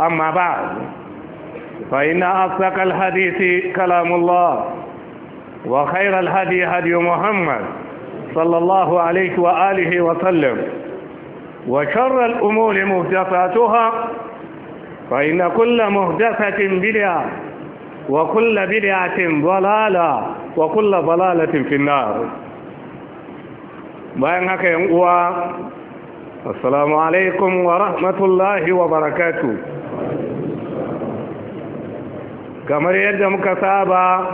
أما بعد فإن أصدق الحديث كلام الله وخير الهدي هدي محمد صلى الله عليه وآله وسلم وشر الأمور مهدفاتها فإن كل مهدفة بدعة وكل بدعة ضلالة وكل ضلالة في النار bayan haka yan uwa assalamu alaikum kamar yadda muka saba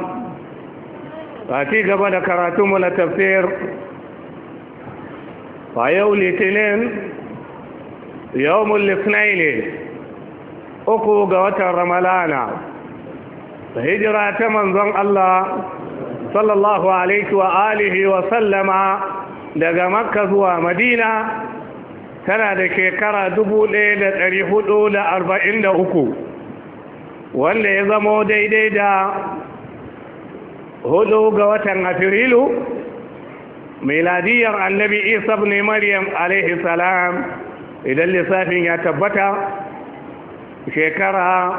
a ci gaba da karatunmu na tafsir a yau litinin yau mullisnai ne uku ga watan ramalana hijira ta manzon Allah sallallahu alaihi wa alihi wa sallama daga makka zuwa madina tana da shekara uku. wanda ya zamo daidai da hudu ga watan afirilu miladiyar annabi isa ne maryam alaihi salam idan lissafin ya tabbata shekara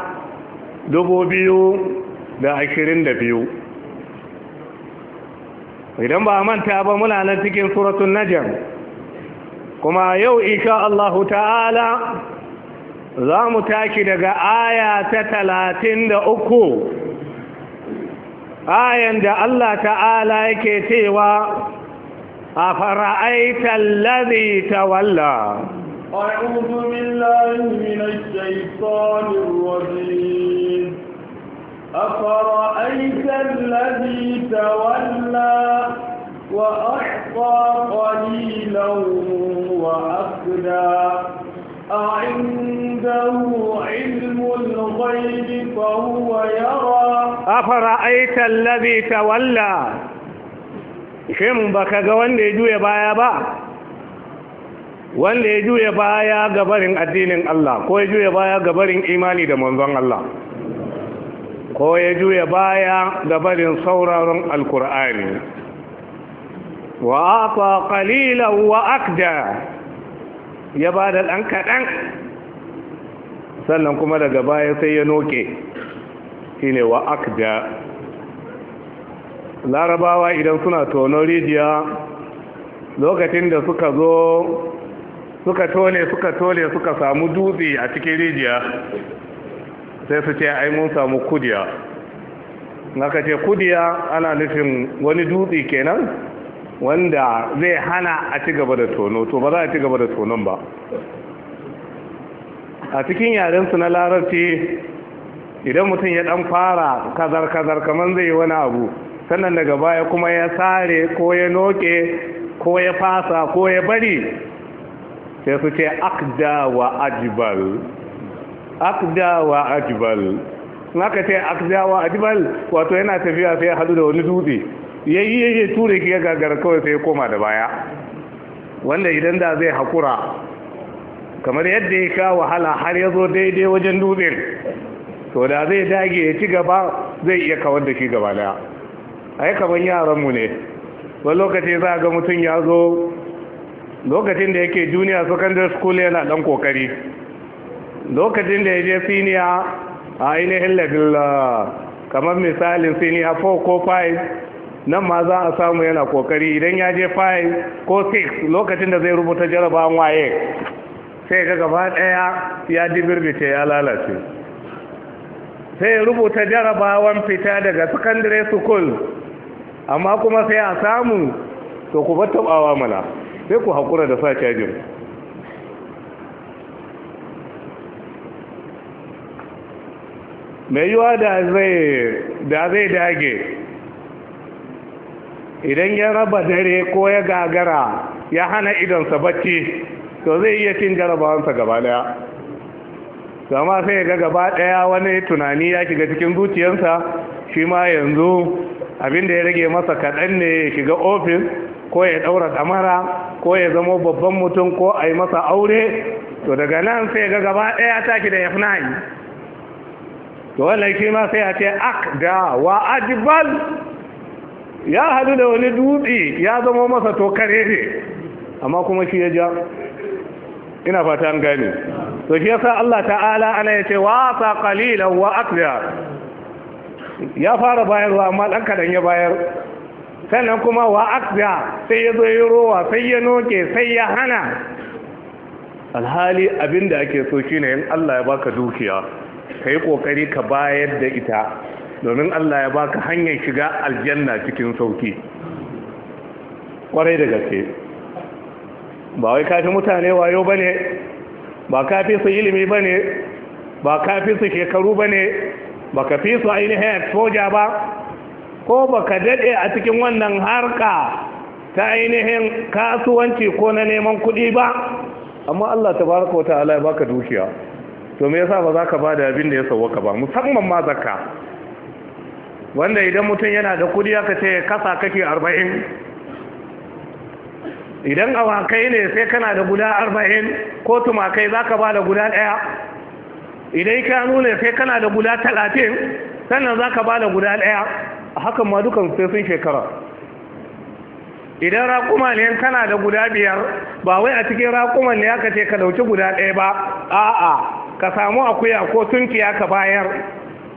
dubu biyu da ashirin da biyu idan ba manta ba muna nan cikin suratun najar kuma yau insha Allahu ta'ala za mu taki daga aya ta talatin da uku ayan da Allah ta'ala yake cewa a fara'aitar lazi ta walla أعوذ أفرأيت الذي تولى وأحصى قليلا وأكدا أعنده علم الغيب فهو يرى أفرأيت الذي تولى shin baka ga wanda ya juya baya ba wanda ya juya baya ga barin addinin Allah ko ya juya baya ga barin imani da manzon Allah ko ya juya baya ga barin sauraron alkur'ani wa ata qalilan wa akda ya ba da ɗan kaɗan sannan kuma daga baya sai ya noke shi ne wa larabawa idan suna tono rijiya lokacin da suka zo suka tone suka tole suka samu dutse a cikin rijiya sai su ce ai mun samu kudiya ka ce kudiya ana nufin wani dutse kenan wanda zai hana a ci gaba da tono to ba za a ci gaba da tonon ba a cikin yarensu na larabci idan mutum ya dan fara kazar-kazar kamar zai yi wani abu sannan daga baya kuma ya sare ko ya noke ko ya fasa ko ya bari sai su ce akda wa ajibal akda wa ajibal naka ce akda wa ajibal wato yana tafiya sai ya hadu da wani dutse yi ya ture ki ya gagara kawai sai ya koma da baya wanda idan da zai hakura kamar yadda ya kawo wahala har ya zo daidai wajen dutsen to da zai dage ya ci gaba zai iya kawar da shi gaba daya yi kamar yaranmu ne wani lokaci za ga mutum ya zo lokacin da yake junior secondary school yana dan kokari lokacin da ya je senior a ainihin level ah, kamar misalin senior 4 ko 5 nan ma za a samu yana kokari idan ya je 5 ko 6 lokacin da zai rubuta jarabawan waye sai ga gaba daya ya dibirbice ya lalace sai ya rubuta jarabawan fita daga secondary school amma kuma sai a samu to ku bata mana sai ku hakura da sa cajin mai yiwa da zai dage idan ya raba dare ko ya gagara ya hana idonsa bacci to zai iya cin jarabawansa gaba daya zama sai ga gaba daya wani tunani ya shiga cikin zuciyarsa shi ma yanzu abinda ya rage masa kaɗan ne ya shiga ofis ko ya ɗaura kamara, ko ya zama babban mutum ko a yi masa aure to daga nan sai ga gaba daya ki da ya to wannan shi ma sai a ce ak da wa ajibal ya hadu da wani dutse ya zama masa to kare ne amma kuma shi ya ja ina fata an gane to shi yasa Allah ta'ala ana yace wa sa qalilan wa akthar ya fara bayarwa amma dan kadan ya bayar sannan kuma wa akthar sai ya zo yi sai ya noke sai ya hana alhali abinda ake so shine in Allah ya baka dukiya kai kokari ka bayar da ita domin Allah ya baka hanyar shiga aljanna cikin sauki kwarai da gaske ba wai kafi mutane wayo bane ba kafi su ilimi bane ba kafi su shekaru bane ba ka su ainihin soja ba ko ba ka daɗe a cikin wannan harka ta ainihin kasuwanci ko na neman kuɗi ba amma Allah ta baraka wata ala ya baka dukiya to me yasa ba za ka ba da abin da ya sauwaka ba musamman ma zakka wanda idan mutum yana da kudi aka ce kasa kake arba'in idan awakai ne sai kana da guda arba'in ko tumakai za ka ba da guda ɗaya idan kanu ne sai kana da guda talatin sannan za ka ba da guda ɗaya a hakan ma dukan sai sun shekara idan raƙuma ne kana da guda biyar ba wai a cikin raƙuman ne aka ce ka dauki guda ɗaya ba a'a ka samu akuya ko tunkiya ka bayar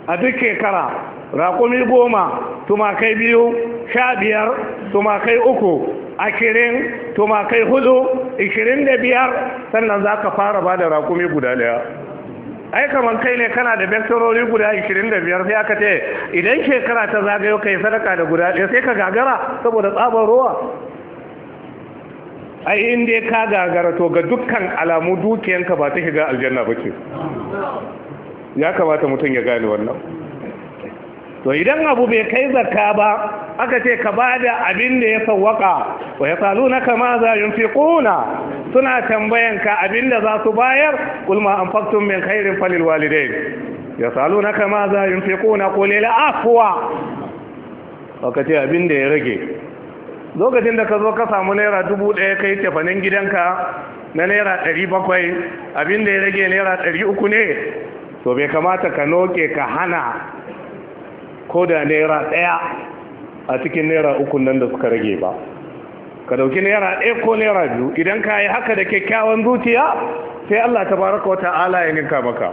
a duk shekara raƙumi goma tumakai biyu sha biyar tumakai uku ashirin tumakai hudu ishirin da biyar sannan za ka fara ba da raƙumi guda daya ai kamar kai ne kana da bektorori guda ishirin da biyar sai aka ce idan shekara ta zagayo kai sadaka da guda daya sai ka gagara saboda tsabar ruwa ai in dai ka gagara to ga dukkan alamu dukiyanka ba ta shiga aljanna ba ce ya kamata mutum ya gane wannan to idan abu bai kai zakka ba aka ce ka bada abin da ya sawwaka wa na ma za yunfiquna suna tambayan ka abin da za su bayar ulma an faktun min khairin falil salu na ma za yunfiquna ko lil afuwa aka ce abin da ya rage lokacin da ka zo ka samu naira dubu ɗaya kai tafanin gidanka na naira ɗari bakwai abin da ya rage naira ɗari uku ne to bai kamata ka noke ka hana ko da naira ɗaya a cikin naira uku nan da suka rage ba ka dauki naira ɗaya ko naira biyu idan ka yi haka da kyakkyawan zuciya sai Allah ta baraka wata ala ya ninka maka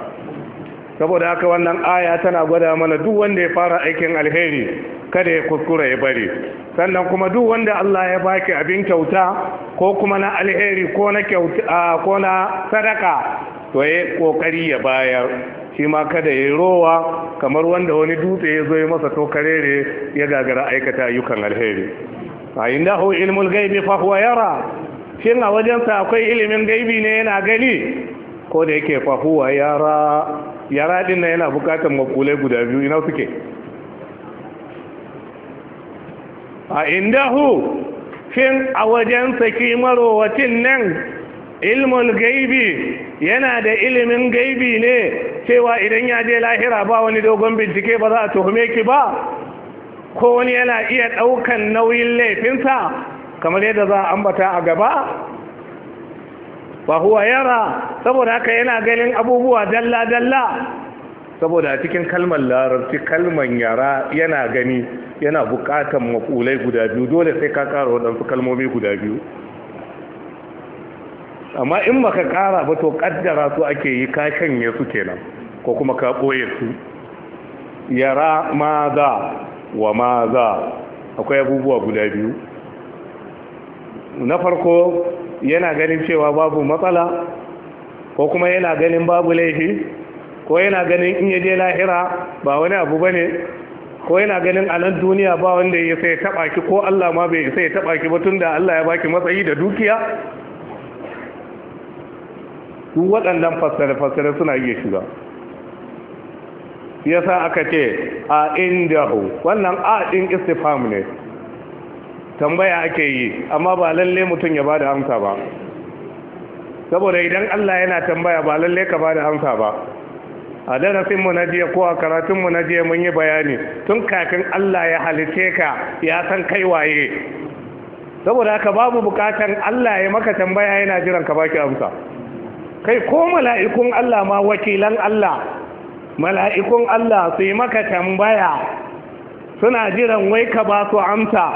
saboda haka wannan aya tana gwada mana duk wanda ya fara aikin alheri kada ya kuskura ya bari sannan kuma duk wanda Allah ya baki abin kyauta ko kuma na alheri ko na sadaka to ya kokari ya bayar shi ma kada ya yi rowa kamar wanda wani dutse ya zo ya masa to karere ya gagara aikata ayyukan alheri a inda hu ilmul gaibi fahuwa yara shin a wajensa akwai ilimin gaibi ne yana gani ko da yake fahuwa yara yara din nan yana bukatar makulai guda biyu ina suke a inda hu shin a wajen saki marowacin nan ilmul gaibi yana da ilimin gaibi ne cewa idan ya je lahira ba wani dogon bincike ba za a tuhume ki ba ko wani yana iya ɗaukan nauyin laifinsa kamar yadda za a ambata a gaba ba huwa yara saboda haka yana ganin abubuwa dalla-dalla saboda cikin kalmar larabci kalmar yara yana gani yana bukatan makulai guda biyu dole sai ka ƙara waɗansu kalmomi guda biyu amma in baka kara ba to kaddara su ake yi ka shanye su kenan ko kuma ka boye su yara maza wa maza akwai abubuwa guda biyu na farko yana ganin cewa babu matsala ko kuma yana ganin babu laifi ko yana ganin in yaje lahira ba wani abu bane ko yana ganin a nan duniya ba wanda ya sai taba ki ko Allah ma bai sai taba ki ba tunda Allah ya baki matsayi da dukiya duk waɗannan fasare-fasare suna iya shiga yasa aka ce a hu wannan a din istifham ne tambaya ake yi amma ba lalle mutum ya bada amsa ba saboda idan Allah yana tambaya ba lalle ka bada amsa ba a darasin mu na jiya ko a karatun mu na jiya mun yi bayani tun kafin Allah ya halice ka ya san kai waye saboda haka babu bukatan Allah ya maka tambaya yana jiran ka baki amsa kai ko mala'ikun Allah ma wakilan Allah mala'ikun Allah su yi maka tambaya suna jiran wai ka ba su amsa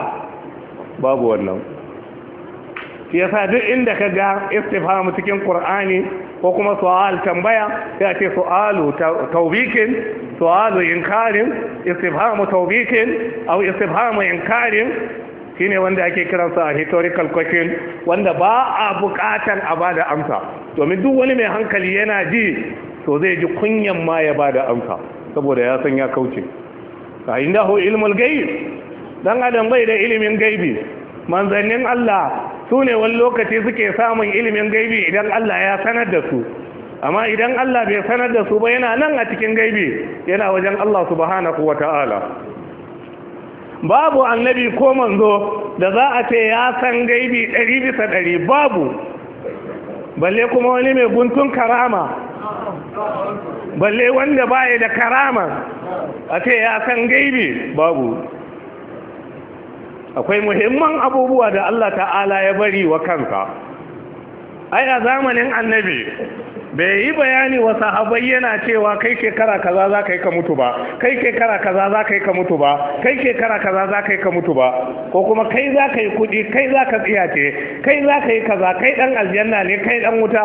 babu wannan shi yasa duk inda ka ga istifhamu cikin ƙur'ani ko kuma su'al tambaya sai a ce su'alu taubikin su'alu inkarin istifhamu Taubikin, au istifhamu inkarin Shi ne wanda ake kiransa a historical question wanda ba a bukatar a bada amsa domin duk wani mai hankali yana ji to zai ji kunyan ma ya bada amsa saboda ya san ya kauce inda indahu ilmul ghaib dan adam bai da ilimin gaibi manzannin Allah su ne wani lokaci suke samun ilimin gaibi idan Allah ya sanar da su amma idan Allah bai sanar da su ba yana nan a cikin gaibi yana wajen Allah subhanahu wata'ala babu annabi ko manzo da za a ce ya san gaibi ɗari bisa ɗari babu balle kuma wani mai guntun karama balle wanda baya da karama a ce ya san gaibi babu akwai muhimman abubuwa da Allah ta'ala ya bari wa kansa ai a zamanin annabi bai yi bayani wa sahabai yana cewa kai shekara kaza za ka yi ka mutu ba kai shekara kaza za ka yi ka mutu ba kai shekara kaza za ka yi ka mutu ba ko kuma kai za ka yi kuɗi kai za ka ce kai za ka yi kaza kai ɗan aljanna ne kai ɗan wuta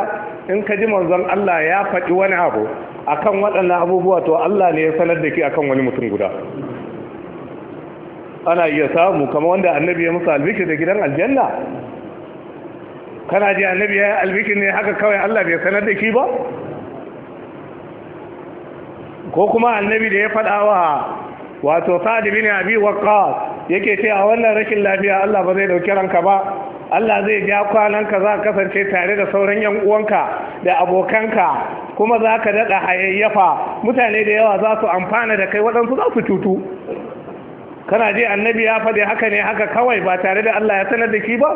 in ka ji manzon Allah ya faɗi wani abu akan waɗannan abubuwa to Allah ne ya sanar da ke akan wani mutum guda ana iya samu kamar wanda annabi ya musa albishir da gidan aljanna kana ji annabi ya yi albikin ne haka kawai Allah bai sanar da ki ba ko kuma annabi da ya faɗa wa wato sa'ad bin abi waqqas yake ce a wannan rashin lafiya Allah ba zai dauki ranka ba Allah zai ja kwananka za ka kasance tare da sauran yan uwanka da abokanka kuma za ka daɗa hayayyafa mutane da yawa za su amfana da kai waɗansu za su cutu kana je annabi ya faɗi haka ne haka kawai ba tare da Allah ya sanar da ki ba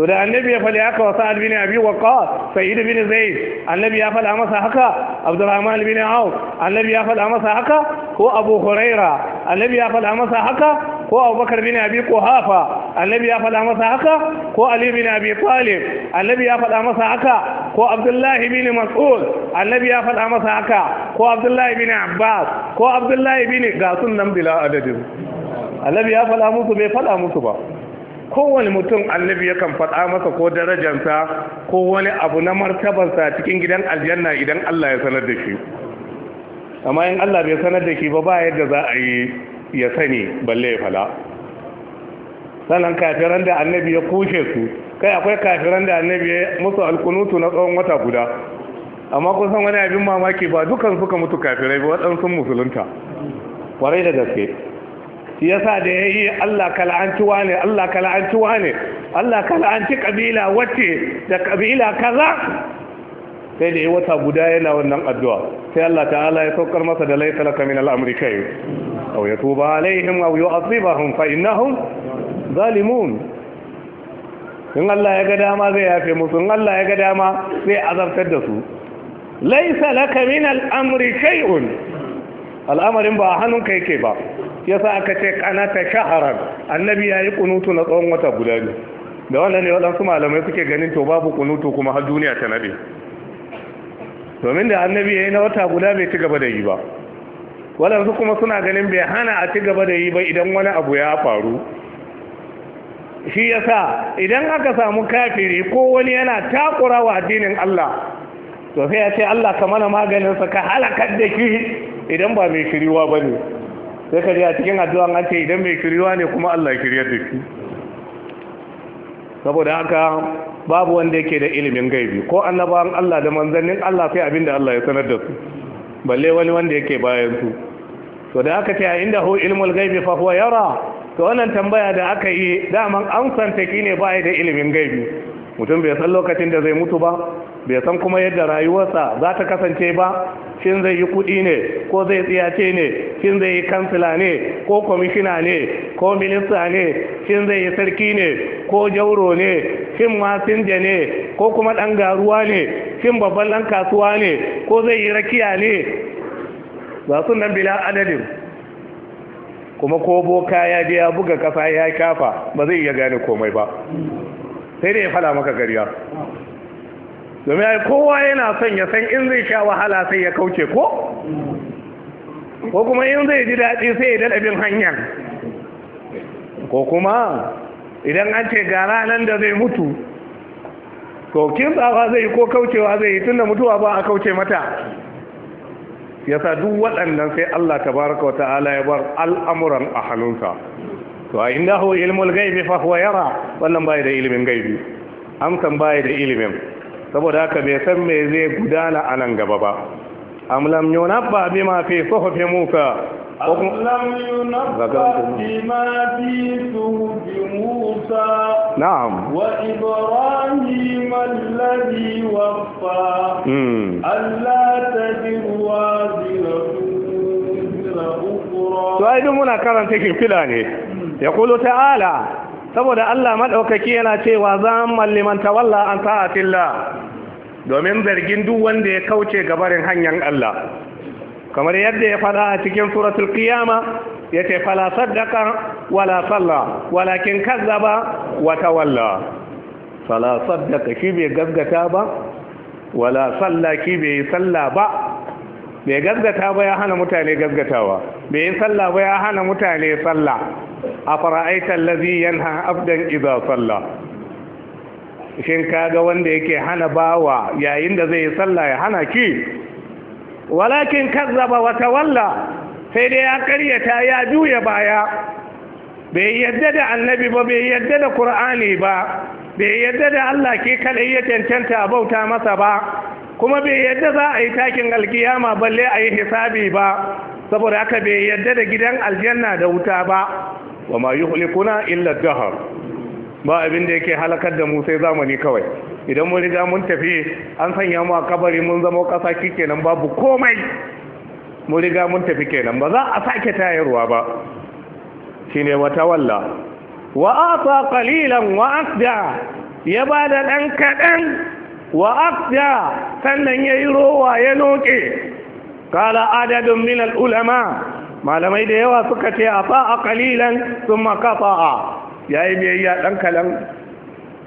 to da annabi ya faɗi haka wa sa'ad bin abi waqqa sa'id bin zaid annabi ya faɗa masa haka abdurrahman bin auf annabi ya faɗa masa haka ko abu huraira annabi ya faɗa masa haka ko abubakar bin abi quhafa annabi ya faɗa masa haka ko ali bin abi talib annabi ya faɗa masa haka ko abdullahi bin mas'ud annabi ya faɗa masa haka ko abdullahi bin abbas ko abdullahi bin ga sun nan bila adadin annabi ya faɗa musu bai faɗa musu ba kowane mutum annabi kan faɗa masa ko darajansa ko wani abu na martabarsa cikin gidan aljanna idan Allah ya sanar da shi amma in Allah bai sanar da shi ba ba yadda za a yi ya sani balle ya fala sannan kafiran da annabi ya kushe su kai akwai kafiran da annabi ya musu alkunutu na tsawon wata guda amma kun wani abin mamaki ba dukan suka mutu kafirai ba wadansu musulunta kwarai da gaske yasa da ya yi Allah kala'antuwa ne Allah kala'antuwa ne Allah kala'anci ƙabila wacce da ƙabila kaza sai da yi wata guda yana wannan addu'a sai Allah ta'ala ya saukar masa da laisa laka min ba kai aw yatuba alaihim aw yu'adhibahum fa hun, zalimun in Allah ya ga dama zai yafe musu in Allah ya ga dama zai azabtar da su laisa laka min al'amri shay'un al'amarin ba a hannunka yake ba Ya sa aka ce kanata shaharar annabi ya yi kunutu na tsawon wata guda ne da wannan ne waɗansu malamai suke ganin to babu kunutu kuma har duniya ta nade domin da annabi ya yi na wata guda bai ci gaba da yi ba waɗansu kuma suna ganin bai hana a ci gaba da yi ba idan wani abu ya faru shi ya sa idan aka samu kafiri ko wani yana takura wa addinin Allah to sai ya ce Allah ka mana maganinsa ka halakar da shi idan ba mai shiriwa ba ne sai ka a cikin addu'a an ce idan mai kiriwa ne kuma Allah kiriyar da shi saboda haka babu wanda yake da ilimin gaibi ko annabawan Allah da manzannin Allah sai abin da Allah ya sanar da su balle wani wanda yake bayan su to da aka ce a inda hu ilmul gaibi fa huwa yara to wannan tambaya da aka yi daman an santaki ne ba da ilimin gaibi mutum bai san lokacin da zai mutu ba bai san kuma yadda rayuwarsa za ta kasance ba shin zai yi kuɗi ne ko zai tsiyace ne shin zai yi kansila ne ko kwamishina ne ko minista ne shin zai yi sarki ne ko jauro ne shin masinja ne ko kuma ɗan garuwa ne shin babban ɗan kasuwa ne ko zai yi rakiya ne ba su nan bila adadin kuma ko boka ya je buga kasa ya kafa ba zai iya gane komai ba sai da ya fala maka gariya domin kowa yana son ya san in zai sha wahala sai ya kauce ko ko kuma in zai ji daɗi sai ya daɗa bin hanyar ko kuma idan an ce ga ranar da zai mutu ko kin tsawa zai ko kaucewa zai yi tunda mutuwa ba a kauce mata yasa duk waɗannan sai Allah Ta baraka wa ta'ala ya bar al'amuran a hannunsa to a inda hu ilmul gaibi fa huwa yara wannan bai da ilimin gaibi amsan bai da ilimin saboda haka bai san me zai gudana a nan gaba ba am lam yunabba bima fi suhufi musa lam yunabba bima fi suhufi musa na'am wa ibrahim alladhi waffa hmm. alla tadiru to ai duk muna karanta kifila ne hmm. ya kulu ta'ala saboda Allah madaukaki yana cewa zan malliman tawalla an ta'atillah domin zargin duk wanda ya kauce gabarin hanyar Allah kamar yadda ya fada a cikin suratul qiyama yace fala sadaka, wala salla walakin kazzaba wa tawalla fala sadaka shi bai gaggata ba wala salla ki bai salla ba bai gaggata ba ya hana mutane gaggatawa bai yi salla ba ya hana mutane salla a fara fara'aita lazi yanha abdan idza salla shin kaga wanda yake hana bawa yayin da zai yi sallah ya hana ki walakin kazzaba wa tawalla sai dai ya karyata ya juya baya bai yadda da annabi ba bai yadda da qur'ani ba bai yadda da Allah ke kadai ya tantanta bauta masa ba kuma bai yadda za a yi takin alkiyama balle a yi hisabi ba saboda haka bai yadda da gidan aljanna da wuta ba wa ma yuhlikuna illa dahar ba abin da yake halakar da mu sai zamani kawai idan mun riga mun tafi an sanya mu a kabari mun zama kasa kenan babu komai mun riga mun tafi kenan ba za a sake tayarwa ba shine wata walla wa ata qalilan wa asda ya bada dan kadan wa asda sannan yayi rowa ya noke kala adadun min al ulama malamai da yawa suka ce afa qalilan thumma qata'a ya yi biyayya ɗan kalan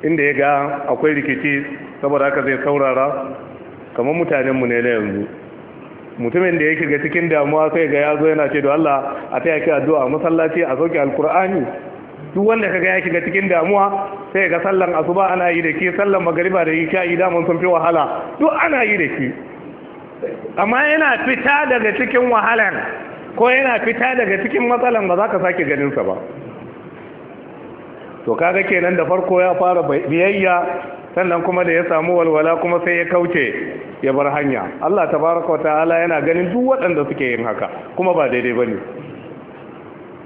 inda ya ga akwai rikici saboda haka zai saurara kamar mutanenmu ne na yanzu mutumin da ya shiga cikin damuwa sai ga ya zo yana ce da Allah a ta yake addu'a masallaci a sauke alkur'ani duk wanda kaga ya shiga cikin damuwa sai ga sallan asuba ana yi da ke sallan magariba da isha da mun sun fi wahala duk ana yi da ke amma yana fita daga cikin wahalan ko yana fita daga cikin matsalan ba za ka sake ganin sa ba to kaga kenan da farko ya fara biyayya sannan kuma da ya samu walwala kuma sai ya kauce ya bar hanya Allah tabaraka ta'ala yana ganin duk waɗanda suke yin haka kuma ba daidai bane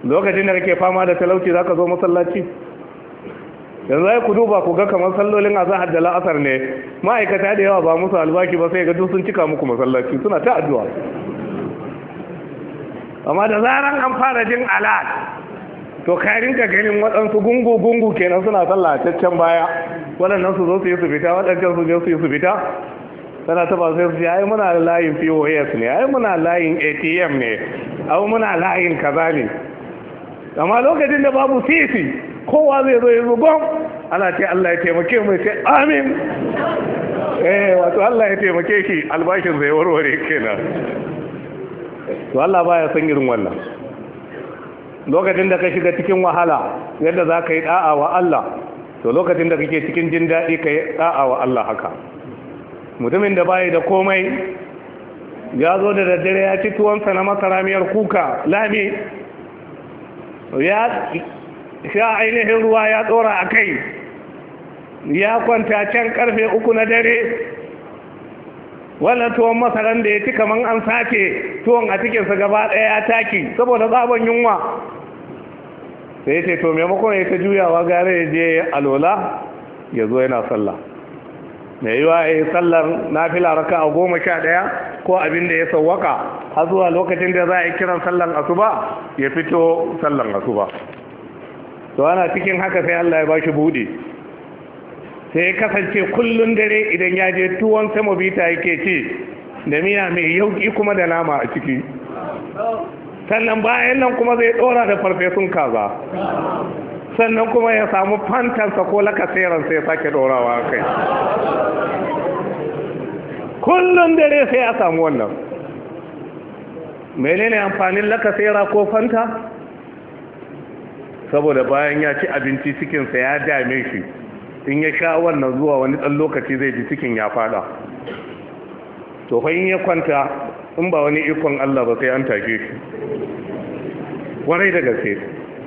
lokacin da kake fama da talauci zaka zo masallaci yanzu ai ku duba ku ga kamar sallolin azhar da la'asar ne ma'aikata da yawa ba musu albashi ba sai ga duk sun cika muku masallaci suna ta addu'a amma da zaran an fara jin alat to karin ka ganin waɗansu gungu-gungu kenan suna sallah a caccan baya waɗannan su zo su yi su fita waɗancan su zo su yi su fita tana taba sai su ai muna layin pos ne ai muna layin atm ne ai muna layin kaza ne amma lokacin da babu sisi kowa zai zo ya zugon ana ce allah ya taimake mu sai amin eh wato allah ya taimake shi albashin zai warware kenan to allah baya san irin wannan lokacin da ka shiga cikin wahala yadda za ka yi da'a wa Allah to lokacin da kake cikin jin daɗi ka yi da'a wa Allah haka mutumin da bayi da komai ya zo da daddare ya ci tuwonsa na makaramiyar kuka lami ya sha ainihin ruwa ya tsora a kai ya kwanta can karfe uku na dare wannan tuwon masaran da ya ci kaman an sace tuwon a cikinsa gaba ɗaya ya taki saboda tsabon yunwa sai ya ce to maimakon ya ta juyawa gare ya je alola ya zo yana sallah mai wa ya yi sallar na fila raka a goma sha ɗaya ko abin da ya sauwaka har zuwa lokacin da za a yi kiran sallar asuba ya fito sallar asuba to ana cikin haka sai allah ya ba shi buɗe sai ya kasance kullum dare idan ya je tuwon bita yake ci da miya mai yauki kuma da nama a ciki sannan bayan nan kuma zai dora da farfesun kaza sannan kuma ya samu fantansa ko lakaseransa ya sake dorawa kai kullum dare sai ya samu wannan menene amfanin lakasera ko fanta saboda bayan ya ci abinci cikinsa ya dame shi in ya sha wannan zuwa wani dan lokaci zai ji cikin ya fada to in ya kwanta in ba wani ikon Allah ba sai an take shi warai da gaske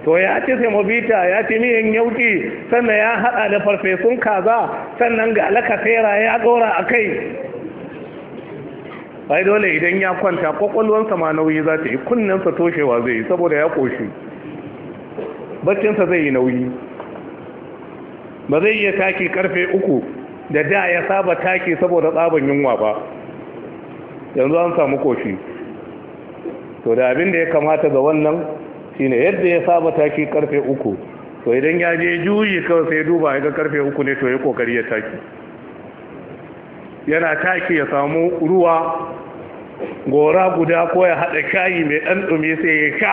to ya ce sai ya ce miyan yauki sannan ya hada da farfesun kaza sannan ga alakasera ya dora a kai ai dole idan ya kwanta kwakwalwansa ma nauyi za ta yi kunnensa toshewa zai yi saboda ya koshi baccinsa zai yi nauyi ba zai iya taki karfe uku da da ya saba taki saboda tsaban yunwa ba yanzu an samu koshi to da abin da ya kamata ga wannan shine yadda ya saba taki karfe uku to idan ya je juyi kawai sai duba ya ga karfe uku ne to ya kokari ya taki yana taki ya samu ruwa gora guda ko ya haɗa shayi mai ɗan ɗumi sai ya sha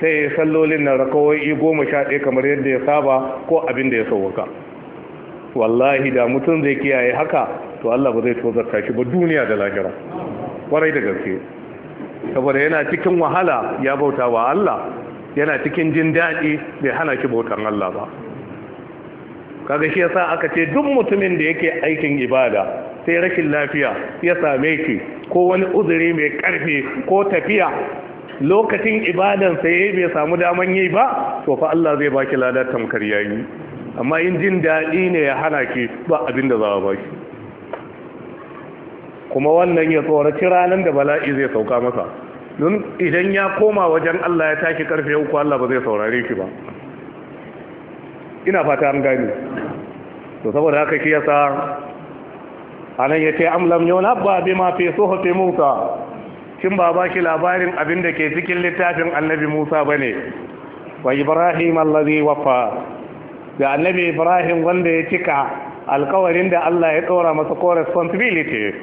sai ya sallolin na rakawai goma sha ɗaya kamar yadda ya saba ko abin da ya sauwaka wallahi da mutum zai kiyaye haka to Allah ba zai tozarta shi ba duniya da lahira kwarai da gaske saboda yana cikin wahala ya bauta wa Allah yana cikin jin daɗi bai hana shi bautan Allah ba kaga shi yasa aka ce duk mutumin da yake aikin ibada sai rashin lafiya ya same shi ko wani uzuri mai karfi ko tafiya lokacin ibadan sai ya bai samu daman yi ba to fa Allah zai baki ladar tamkar yayi amma in jin daɗi ne ya hana ki ba abinda za a baki kuma wannan ya tsoraci ranar da bala'i zai sauka masa don idan ya koma wajen Allah ya tashi karfe uku Allah ba zai saurare shi ba ina fata an gani to saboda haka ke yasa anan yace amlam yawna ba bi ma fi hafi Musa kin ba ba shi labarin abin da ke cikin littafin Annabi Musa bane wa Ibrahim allazi wafa da Annabi Ibrahim wanda ya cika alkawarin da Allah ya dora masa ko responsibility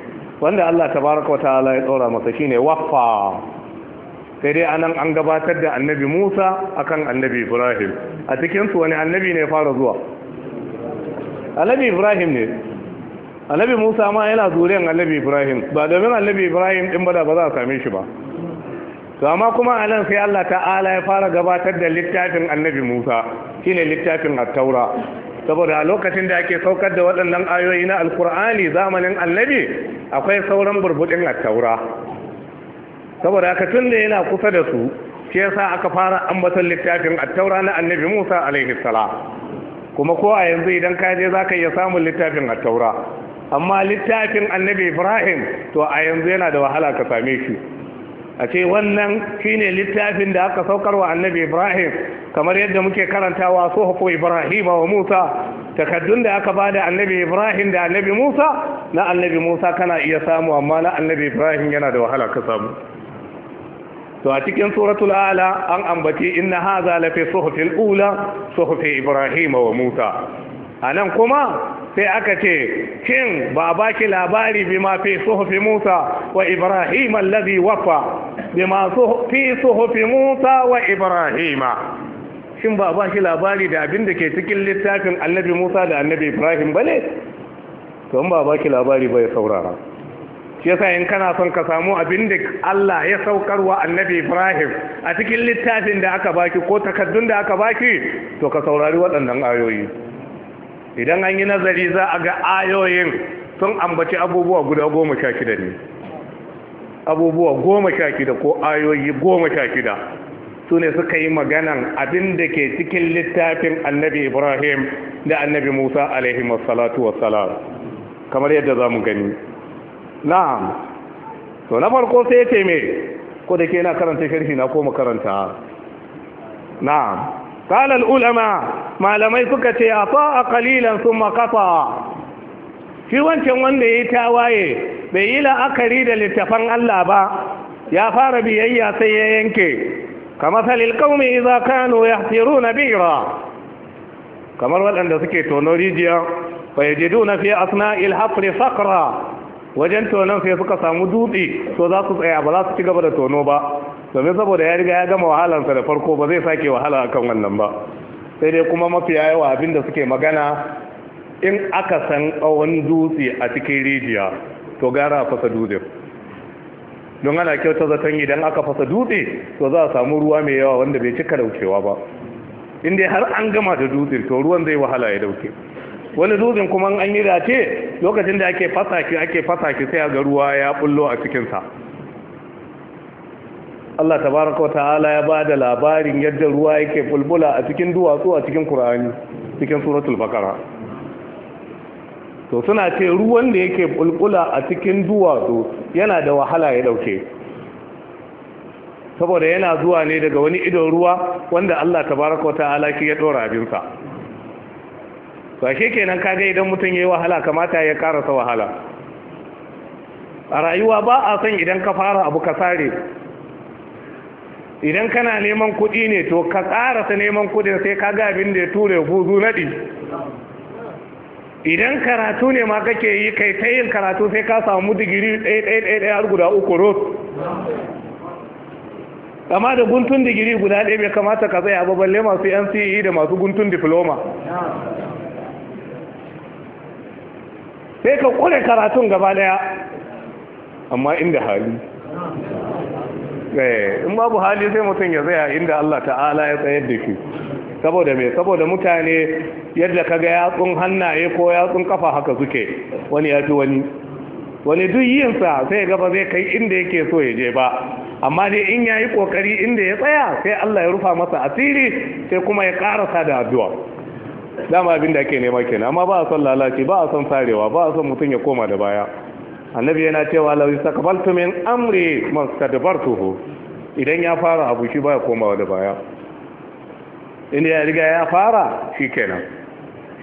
wanda Allah ta baraka wa ta'ala ya tsora masa ne waffa sai dai anan an gabatar da annabi Musa akan annabi Ibrahim a cikin wani annabi ne fara zuwa annabi Ibrahim ne annabi Musa ma yana zuriyar annabi Ibrahim ba domin annabi Ibrahim din ba da ba za a same shi ba to amma kuma anan sai Allah ta'ala ya fara gabatar da littafin annabi Musa shine littafin at-Taura saboda a lokacin da ake saukar da waɗannan ayoyi na alkur'ani zamanin annabi akwai sauran burbuɗin attaura saboda haka tun da yana kusa da su shi yasa aka fara ambaton littafin attaura na annabi musa alaihi kuma ko a yanzu idan ka je za ka iya samun littafin attaura amma littafin annabi ibrahim to a yanzu yana da wahala ka same shi a ce wannan shine littafin da aka saukar wa annabi ibrahim kamar yadda muke karantawa sohofo ibrahim wa musa takaddun da aka bada annabi ibrahim da annabi musa na annabi musa kana iya samu amma na annabi ibrahim yana da wahala ka samu to a cikin suratul ala an ambaci inna hadha la fi suhufil ula suhufi ibrahim wa musa anan kuma sai aka ce kin ba ba ki labari bima fi suhufi musa wa ibrahim alladhi wafa bima fi suhufi musa wa ibrahima shin ba ba shi labari da abin da ke cikin littafin annabi musa da annabi ibrahim ba ne to ba ba shi labari ba ya saurara shi yasa in kana son ka samu abin da Allah ya saukarwa annabi ibrahim a cikin littafin da aka baki ko takaddun da aka baki to ka saurari waɗannan ayoyi idan an yi nazari za a ga ayoyin sun ambaci abubuwa guda goma sha shida ne abubuwa goma sha shida ko ayoyi goma sha shida su ne suka yi magana abin da ke cikin littafin annabi ibrahim da annabi musa alaihi wa Salam. kamar yadda za mu gani na'am to na farko sai ce me ko da ke na karanta sharhi na koma karanta na'am qala al ulama malamai suka ce a ata qalilan thumma qata shi wancan wanda ya yi tawaye bai yi la'akari da littafan Allah ba ya fara biyayya sai ya yanke كمثل القوم إذا كانوا na بئرا kamar waɗanda suke tono rijiya fayajidu na fiye asna ilhafri sakra wajen tonon sai suka samu dutse to za su tsaya ba za su ci gaba da tono ba domin saboda ya riga ya gama wahalarsa da farko ba zai sake wahala akan wannan ba sai dai kuma mafiya yawa abin da suke magana in aka san tsawon dutse a cikin rijiya to gara fasa dutse don ana kyauta zaton idan aka fasa dutse to za a samu ruwa mai yawa wanda bai cika daukewa ba inda har an gama da dutse to ruwan zai wahala ya dauke wani dutsen kuma an yi dace lokacin da ake fasa ki ake fasa ki sai ga ruwa ya bullo a cikin sa Allah tabaraka wa ta'ala ya bada labarin yadda ruwa yake bulbula a cikin duwatsu a cikin Qur'ani cikin suratul Baqara to suna ce ruwan da yake bulbula a cikin duwatsu yana da wahala ya dauke saboda yana zuwa ne daga wani idon ruwa wanda Allah tabaraka ta'ala alaƙi ya dora abinsa to ake kenan kaga idan mutum yayi wahala kamata ya karasa wahala a rayuwa ba a son idan ka fara abu ka sare idan kana neman kuɗi ne to ka karasa neman kuɗin sai kaga abin da ya ture buzu naɗi idan karatu ne ma kake yi kai ta yin karatu sai ka samu digiri ɗaya-ɗaya har guda uku rot amma da guntun digiri guda ɗaya bai kamata ka tsaya balle masu nce da masu guntun diploma sai ka ƙure karatun gaba ɗaya amma inda hali eh, in babu hali sai mutum ya tsaya inda Allah ta'ala ya tsayar da shi saboda mai saboda mutane yadda ka ga yatsun hannaye ko yatsun kafa haka suke wani ya fi wani wani duk yinsa sai gaba zai kai inda yake so ya je ba amma dai in ya yi ƙoƙari inda ya tsaya sai Allah ya rufa masa asiri sai kuma ya ƙarasa da addu'a dama abin da ake nema kenan amma ba a son lalaci ba a son sarewa ba a son mutum ya koma da baya annabi yana cewa lau istaqbaltu min amri mastadbartuhu idan ya fara abu shi baya komawa da baya inda ya riga ya fara shi kenan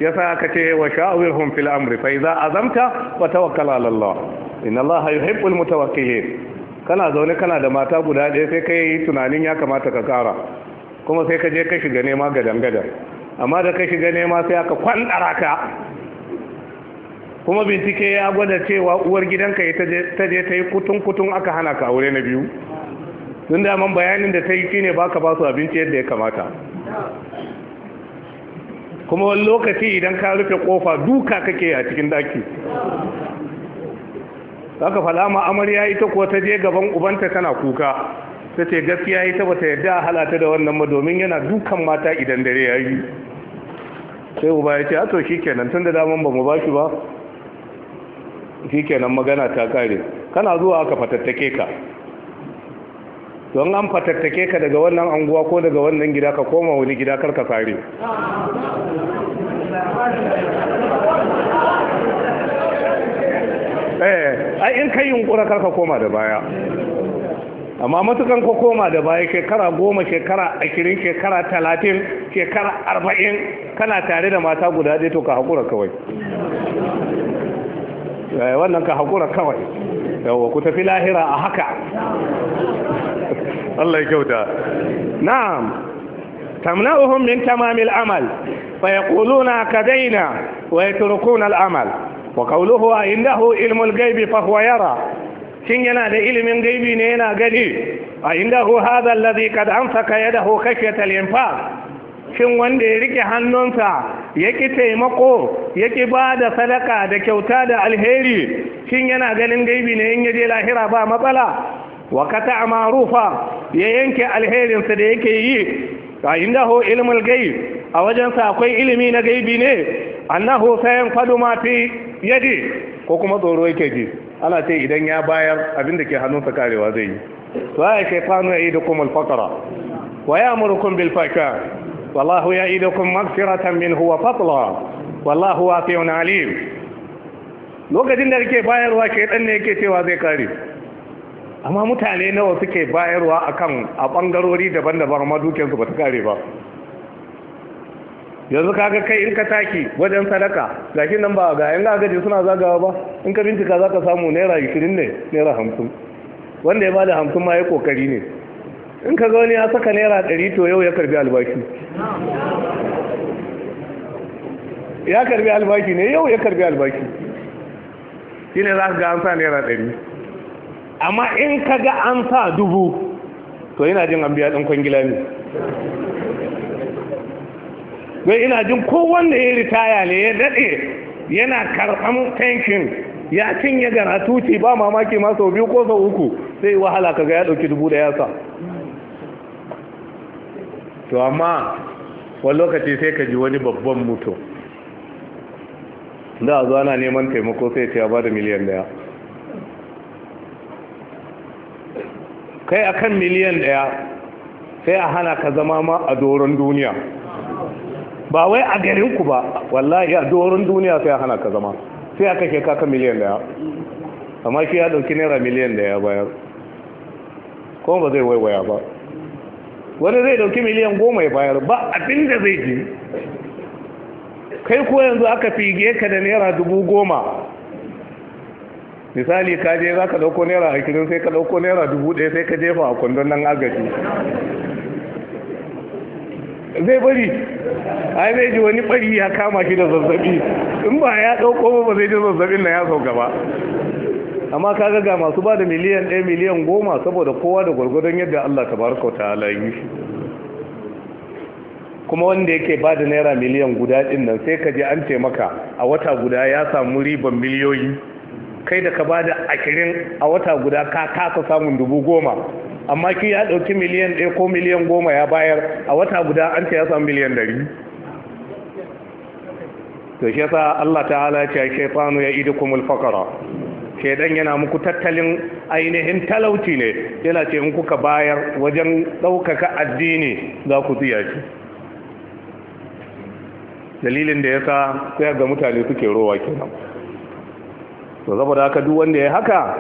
ya sa aka ce wa sha'awirhum fil amri fa idza azamta wa tawakkal ala Allah inna Allah yuhibbul mutawakkilin kana zaune kana da mata guda ɗaya sai kai tunanin ya kamata ka kara kuma sai ka je ka shiga nema gadan gadan amma da ka shiga nema sai aka kwandara ka kuma bincike ya gwada cewa uwar gidanka ta je ta yi kutun kutun aka hana ka aure na biyu tun da man bayanin da ta yi shine baka ba su abinci yadda ya kamata kuma wani lokaci idan ka rufe kofa duka kake a cikin daki aka fada ma amarya ita ko ta je gaban ubanta tana kuka ta ce gaskiya ita bata yadda a halata da wannan ma domin yana dukan mata idan dare ya yi sai uba ya ce ato shi kenan tun da daman ba mu ba shi ba shi kenan magana ta kare kana zuwa aka fatattake ka don an fatattake ka daga wannan anguwa ko daga wannan gida ka koma wani gida karka sare eh ai in kai yunkura karka koma da baya amma matukan ko koma da baya shekara goma shekara ashirin shekara talatin shekara arba'in kana tare da mata guda ɗaya to ka haƙura kawai eh, wannan ka haƙura kawai yawa ku tafi lahira a haka Allah ya kyauta na'am tamna'uhum min tamamil amal fa yaquluna kadaina wa yatrukuna al-amal wa qawluhu indahu ilmul ghaibi fa huwa yara shin yana da ilimin gaibi ne yana gani a indahu hadha an qad anfaqa da hu kashe infaq shin wanda ya rike hannunsa ki taimako yake ba da sadaka da kyauta da alheri shin yana ganin gaibi ne in yaje lahira ba matsala wa kata ma'rufa ya yanke alherinsa da yake yi inda indahu ilmul gai, a wajensa akwai ilimi na gaibi ne annahu sayanfadu ma fi yadi ko kuma tsoro yake ji ana ce idan ya bayar abin da ke hannunsa karewa zai yi wa ya ya yi da kuma faqra wa ya bil Bilfaka? wallahu ya yi da kuma maghfiratan minhu wa fadla wallahu wa wasi'un alim lokacin da kake bayarwa ke dan ne yake cewa zai kare amma mutane nawa suke bayarwa akan a bangarori daban-daban amma dukiyarsu ba ta kare ba yanzu kaga kai in ka taki wajen sadaka gashi nan ba ga yan agaji suna zagawa ba in ka bincika za ka samu naira 20 ne naira 50 wanda ya ba da 50 ma ya kokari ne in ka ga wani ya saka naira 100 to yau ya karbi albashi ya karbi albashi ne yau ya karbi albashi shine za ka ga an sa naira 100 amma in ka ga an sa dubu to ina jin an ɗin kwangila ne don ina jin kowanne ya ritaya ne ya daɗe yana karɓan tankin ya cinye tuti ba mamaki ma sau biyu ko sau uku sai wahala ka ga ya ɗauki dubu da yasa to amma wani lokaci sai ka ji wani babban mutum da a zuwa na neman taimako sai ta ya ba da miliyan daya kai akan miliyan ɗaya sai a hana ka zama ma a doron duniya ba wai a ku ba wallahi a doron duniya sai a hana ka zama sai aka ke kaka miliyan ɗaya amma shi ya ɗauki naira miliyan ɗaya bayar kuma ba zai waiwaya ba wani zai ɗauki miliyan goma ya bayar ba abin da zai ji kai ko yanzu aka fige ka da naira dubu goma misali ka je za ka ɗauko naira a kirin sai ka ɗauko naira dubu ɗaya sai ka jefa a kwandon nan agaji zai bari ai zai ji wani bari ya kama shi da zazzabi in ba ya ɗauko ba zai ji zazzabin na ya sau gaba. amma ka ga masu ba da miliyan ɗaya miliyan goma saboda kowa da gwargwadon yadda Allah tabaraka ta'ala yi shi kuma wanda yake ba da naira miliyan guda ɗin nan sai ka je an taimaka a wata guda ya samu riban miliyoyi kai da ka ba da ashirin a wata guda ka kasa samun dubu goma amma ki ya ɗauki miliyan ɗaya ko miliyan goma ya bayar a wata guda an ce ya samu miliyan ɗari to shi yasa Allah ta'ala ce shaytanu ya idukum al-faqra shaydan yana muku tattalin ainihin talauci ne yana ce in kuka bayar wajen ɗaukaka addini za ku tsiya shi dalilin da yasa sai ga mutane suke rowa kenan to saboda haka duk wanda ya haka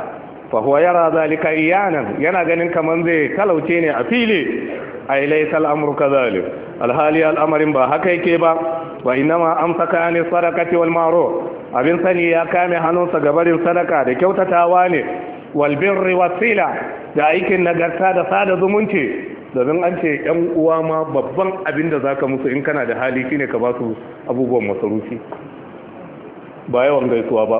fa huwa yara zalika iyanan yana ganin kaman zai talauce ne a fili ay laysa al-amru kadhalik alhali al'amarin ba haka yake ba wa inma amsaka an sadaqati wal ma'ruf abin sani ya kame hannunsa gabarin sadaka da kyautatawa ne wal birri wasila da aikin nagarta da sada zumunci domin an ce yan uwa ma babban abin da zaka musu in kana da hali shine ka ba su abubuwan masarufi ba yawan gaisuwa ba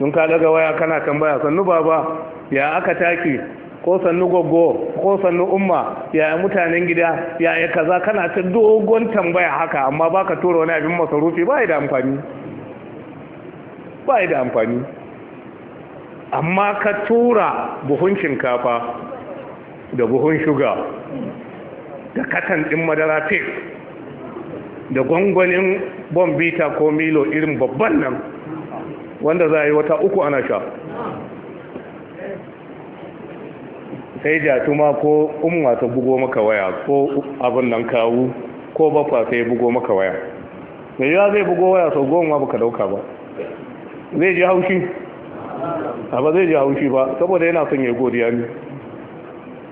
in ka daga waya kana tambaya sannu baba ya aka taki ko sannu goggo ko sannu umma ya mutanen gida ya ya kaza kana ta dogon tambaya haka amma baka tura wani abin masarufi ba da amfani ba da amfani amma ka tura buhun shinkafa da buhun shuga da katan din madara fake da gwangwanin bombita ko milo irin babban nan wanda za a yi wata uku ana sha sai jatuma ko umma ta bugo maka waya ko abin nan kawu ko bafa sai bugo maka waya mai yawa zai bugo waya sau goma baka dauka ba zai ji haushi a ba zai ji haushi ba saboda yana son ya godiya ne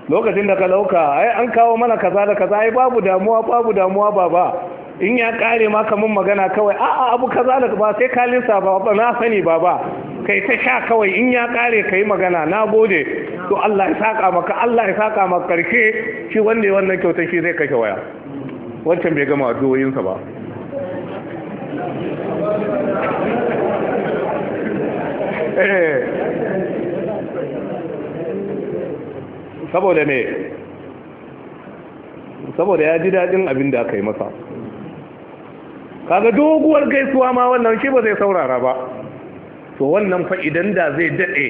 lokacin da ka dauka ai an kawo mana kaza da kaza ai babu damuwa babu damuwa baba in ya kare ma kamar magana kawai a'a abu kaza da ba sai ka sa ba na sani ba ba kai ta sha kawai in ya kare ka yi magana na gode to Allah ya saka maka Allah ya saka maka karshe shi wanda ya wannan kyauta shi zai kashe waya wancan bai gama sa ba eh. saboda me saboda ya ji daɗin abin da aka yi masa kaga doguwar gaisuwa ma wannan shi ba zai saurara ba to wannan fa idan da zai dade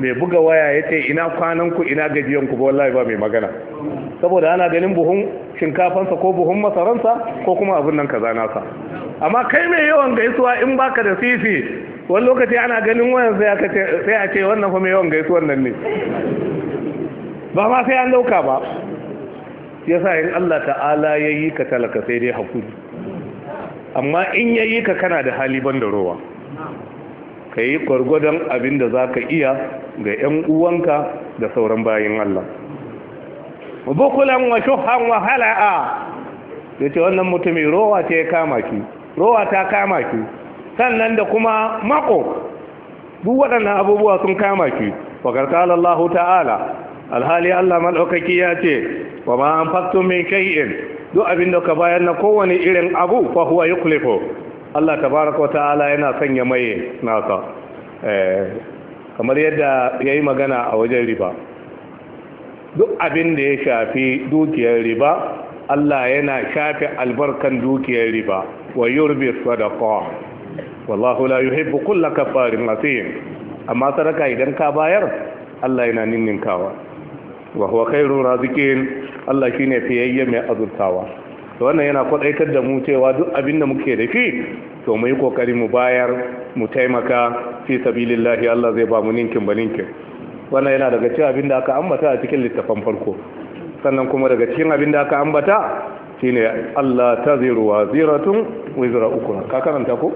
mai buga waya ya ce ina kwanan ku ina gajiyan ku wallahi ba mai magana saboda ana ganin buhun shinkafansa ko buhun masaransa ko kuma abin nan kaza nasa amma kai mai yawan gaisuwa in baka da sisi wani lokaci ana ganin wayan sai a ce wannan fa mai yawan gaisuwan nan ne ba ma sai an dauka ba yasa in Allah ta'ala yayi ka talaka sai dai hakuri amma in yayi ka kana da hali ban da rowa ka yi gwargwadon abin da za ka iya ga 'yan uwanka da sauran bayan Allah bukulan wa shuhan wa hala'a da ce wannan mutumin rowa ta ya kama ki rowa ta kama ki sannan da kuma mako duk waɗannan abubuwa sun kama ki fakar kala Allah ta'ala alhali Allah maɗaukaki ya ce wa ma'an an min shay'in duk abin da ka bayar na kowane irin abu fa huwa yukhlifu Allah tabaraka wata'ala yana sanya mai nasa eh, kamar yadda yayi magana a wajen riba duk abin da ya shafi dukiyar riba Allah yana shafe albarkan dukiyar riba wa yurbi sadaqa wallahu la yuhibbu kulla kafarin asim amma sadaka idan ka bayar Allah yana ninninkawa wa huwa khairu raziqin Allah shine fiyayye mai azurtawa to wannan yana kwadaitar da mu cewa duk abin da muke da shi to mu yi kokari mu bayar mu taimaka fi sabilillahi Allah zai ba mu ninkin ba ninkin wannan yana daga cikin abin da aka ambata a cikin littafin farko sannan kuma daga cikin abin da aka ambata shine Allah taziru wa ziratun wizra ukra ka karanta ko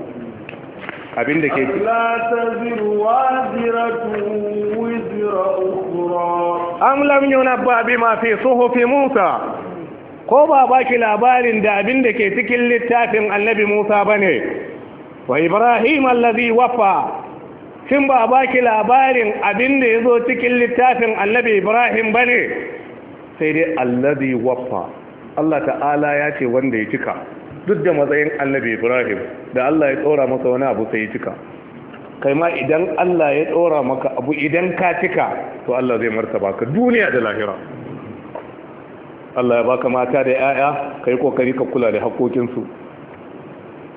abin da ke Allah taziru wa ziratun wizra ukra am lam yunabba bima fi suhufi Musa ko ba baki labarin da abin da ke cikin littafin annabi Musa bane wa Ibrahim allazi wafa shin ba baki labarin abin da yazo cikin littafin annabi Ibrahim bane sai dai allazi wafa Allah ta'ala ya ce wanda ya cika duk da matsayin annabi Ibrahim da Allah ya tsora masa wani abu sai ya cika kai ma idan Allah ya ɗora maka abu idan ka cika to Allah zai martaba ka duniya da lahira Allah ya baka mata da 'ya'ya ka kokari ka kula da haƙoƙinsu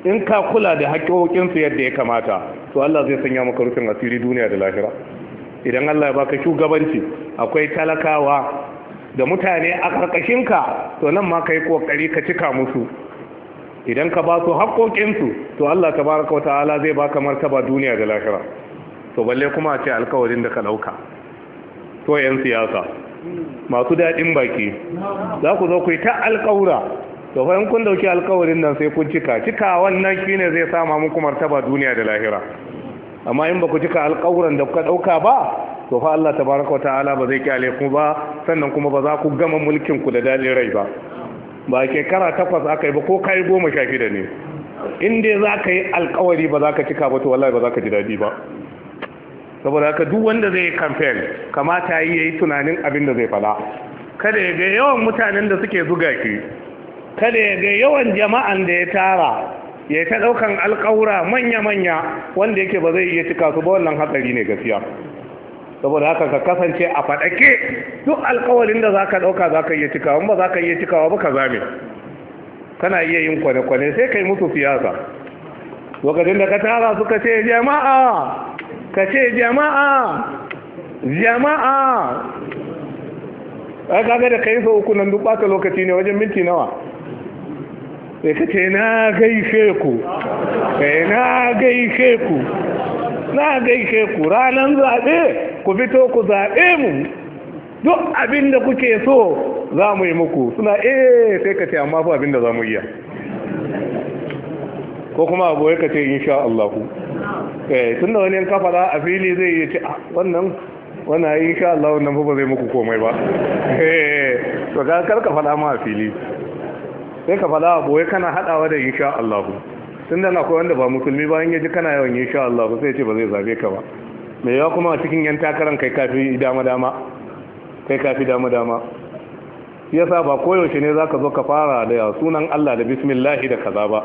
in ka kula da haƙoƙinsu yadda ya kamata to Allah zai sanya maka rufin asiri duniya da lahira idan Allah ya baka shugabanci akwai talakawa da mutane a ƙarƙashinka to nan ma ka kokari ka cika musu idan ka ba su haƙoƙinsu to Allah Ta baraka wa ta'ala zai ba kamar ta ba duniya da lahira to balle kuma a ce alkawarin da ka ɗauka to yan siyasa masu daɗin baki za ku zo ku yi ta alkawura to fa kun dauki alkawarin nan sai kun cika cika wannan ne zai sama muku martaba duniya da lahira amma in ba ku cika alkawuran da kuka ɗauka ba to fa Allah tabaraka wa ta'ala ba zai kyale ku ba sannan kuma ba za ku gama mulkin ku da daɗin rai ba ba shekara takwas aka yi ba ko kai goma sha shida ne in dai za ka yi alkawari ba za ka cika ba to wallahi ba za ka ji daɗi ba saboda haka duk wanda zai yi kamfen kamata yi ya tunanin abin da zai fada kada ya ga yawan mutanen da suke zuga ki. kada ya ga yawan jama'an da ya tara ya ta ɗaukan alkawura manya-manya wanda yake ba zai iya cika su ba wannan hatsari ne gaskiya saboda haka ka kasance a faɗake duk alkawalin da za ka ɗauka za ka iya cikawa ba za ka iya cikawa ba ka zame kana iya yin kwane-kwane sai ka yi mutu siyasa lokacin da ka tara su ka ce jama'a ka ce jama'a jama'a ai kaga da kai sau uku nan duk bata lokaci ne wajen minti nawa sai ka ce na gaishe ku sai na gaishe ku na gaishe ku ranar zaɓe ku fito ku zaɓe mu duk abin da kuke so za mu yi muku suna eh sai ka ce amma fa abin da za mu iya ko kuma abu ya ka ce insha Allah ku eh tun da wani kafa za a fili zai yi ce ah, wannan wannan insha Allah wannan fa ba zai muku komai ba eh to ga ka faɗa ma a fili sai ka faɗa abu ya kana haɗawa da insha Allah ku tun da akwai wanda ba musulmi bayan ya ji kana yawan yi sha Allah ba sai ce ba zai zabe ka ba me yawa kuma a cikin yan takaran kai kafi dama dama kai kafi dama dama yasa ba koyaushe ne zaka zo ka fara da sunan Allah da bismillah da kaza ba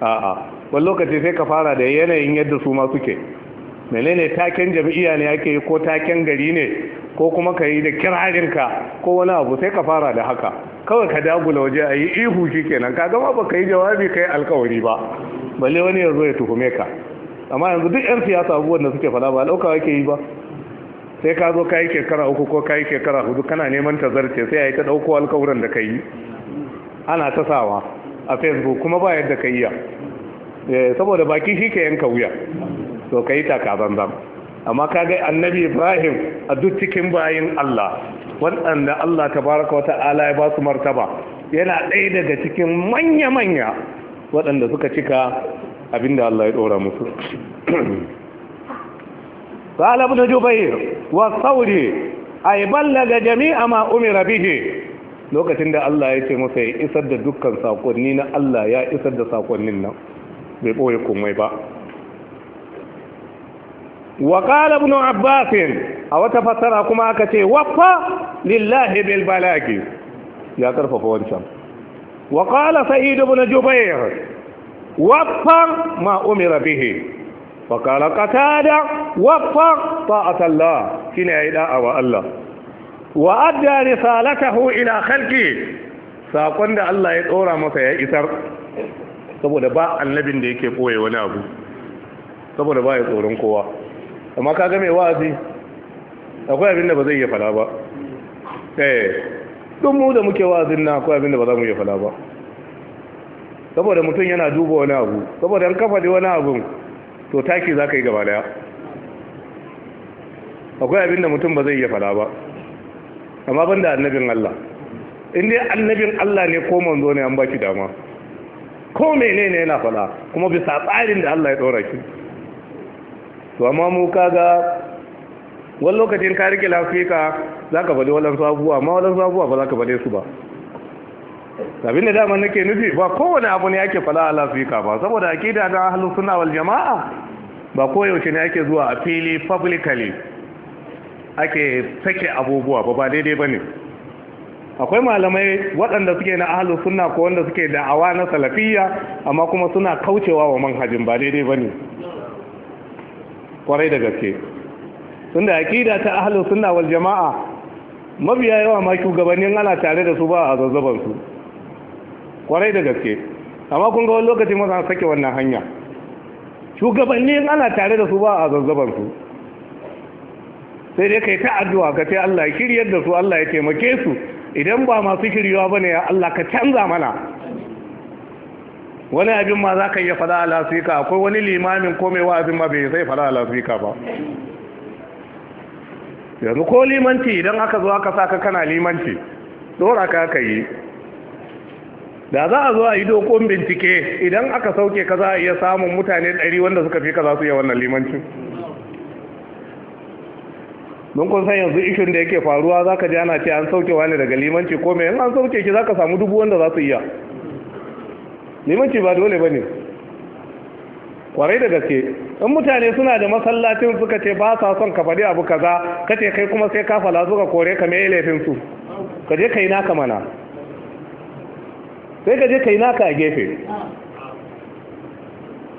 a'a wani lokaci sai ka fara da yanayin yadda su ma suke menene taken jami'a ne ake yi ko taken gari ne ko kuma ka yi da kirarinka ko wani abu sai ka fara da haka kawai ka dagula waje a yi ihu shi kenan ka gama ba ka yi jawabi ka yi alkawari ba balle wani yanzu ya tuhume ka amma yanzu duk yan siyasa abubuwan da suke fada ba ɗauka ake yi ba sai ka zo ka yi shekara uku ko ka yi shekara hudu kana neman ta zarce sai a yi ta ɗauko alkawuran da ka yi ana ta sawa a facebook kuma ba yadda ka yi ya eh, saboda baki shi ka yanka wuya to kai taka banzan amma kaga annabi Ibrahim a duk cikin bayin Allah waɗanda Allah tabaraka ala ya ba su martaba yana ɗaya daga cikin manya-manya waɗanda suka cika abinda Allah ya ɗora musu قال ابن جبير والثوري أي ballaga jami'a ma umira به lokacin da Allah ya ce masa ya isar da dukkan sakonni na Allah ya isar da sakonnin nan bai ɓoye komai ba wa qala ibn abbas a wata fassara kuma aka ce waffa lillahi bil balaki ya karfafa wancan wa qala sa'id ibn jubair waffa ma umira bihi wa qala qatada waffa ta'ata shine da'a wa allah wa adda risalatahu ila khalqi sakon da Allah ya tsora masa ya isar saboda ba annabin da yake koye wani abu saboda ba ya tsoron kowa amma ka ga mai wa'azi akwai abin da ba zai iya fala ba eh don mu da muke wa'azin na akwai abin da ba za mu iya fala ba saboda mutum yana duba wani abu saboda an kafa da wani abu to taki za ka yi gaba daya akwai abin da mutum ba zai iya fala ba amma ban da annabin Allah in dai annabin Allah ne ko manzo ne an baki dama ko menene yana fala kuma bisa tsarin da Allah ya dora shi to amma mu kaga wani lokacin ka rike lafika za ka faɗi waɗansu abubuwa amma waɗansu abubuwa ba za ka faɗe su ba abinda dama nake nufi ba kowane abu ne ake fala a lafika ba saboda da na halin suna wal jama'a ba koyaushe ne ake zuwa a fili publicly ake sake abubuwa ba ba daidai ba ne akwai malamai waɗanda suke na ahlus sunna ko wanda suke da awa na salafiyya amma kuma suna kaucewa wa manhajin ba daidai ba ne. kwarai da gaske da aƙida ta ahalin suna wal jamaa mabiya yawa ma shugabannin ana tare da su ba a zazzaban su kwarai da gaske amma kun ga wani lokaci maza sake wannan hanya shugabannin ana tare da su ba a zazzaban su sai dai kai ta addu'a ka ce Allah ya kiryar da su Allah ya taimake su idan ba masu shiryawa bane ya Allah ka canza mana wani abin ma za ka iya fada a lasika akwai wani limamin komewa abin ma bai zai fada a lasika ba yanzu ko limanci idan aka zo aka saka kana limanci dora ka aka yi da za a zo a yi dokon bincike idan aka sauke ka za a iya samun mutane ɗari wanda suka fi ka za su yi wannan limancin don kun san yanzu ishin da yake faruwa za ka ji ana ce an sauke wani daga limanci ko mai an sauke ki za ka samu dubu wanda za su iya limanci ba dole ba ne kwarai da gaske in mutane suna da masallacin suka ce ba sa son ka faɗi abu kaza ka ce kai kuma sai ka fala suka kore ka mai laifin su ka je kai naka mana sai ka je kai naka a gefe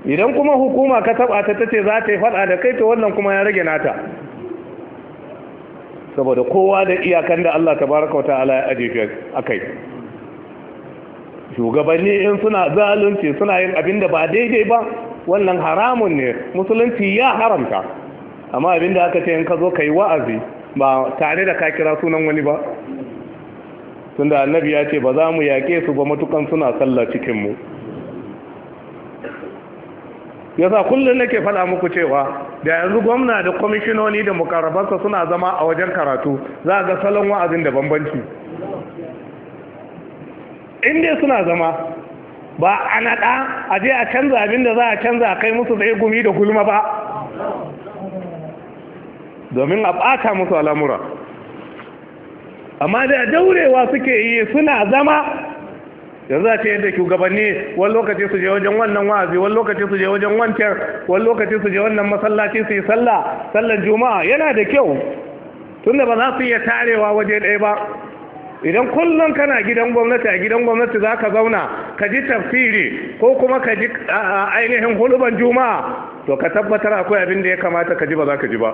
idan kuma hukuma ka taba ta tace za ta yi faɗa da kai to wannan kuma ya rage nata saboda kowa da iyakan da Allah tabaraka wa ta'ala ya ajiye kai. shugabanni in suna zalunci suna yin abin da ba daidai ba wannan haramun ne musulunci ya haramta amma abin da aka ce in ka zo ka yi wa'azi ba tare da ka kira sunan wani ba tunda annabi ya ce ba za mu yaƙe su ba matukan suna sallah cikinmu yasa kullum nake faɗa muku cewa da yanzu gwamna da kwamishinoni da mukarrabarsa suna zama a wajen karatu za a ga salon wa'azin da bambanci in dai suna zama ba a naɗa a je a canza abin da za a canza a kai musu zai gumi da gulma ba domin a ɓata musu al'amura amma da daurewa suke yi suna zama yanzu a ce yadda shugabanni wani lokaci su je wajen wannan wa'azi wani lokaci su je wajen wancan wani lokaci su je wannan masallaci su yi sallah sallan juma'a yana da kyau tunda ba za su iya tarewa waje ɗaya ba idan kullum kana gidan gwamnati a gidan gwamnati za ka zauna ka ji tafsiri ko kuma ka ji ainihin huluban juma'a to ka tabbatar akwai abin da ya kamata ka ji ba za ka ji ba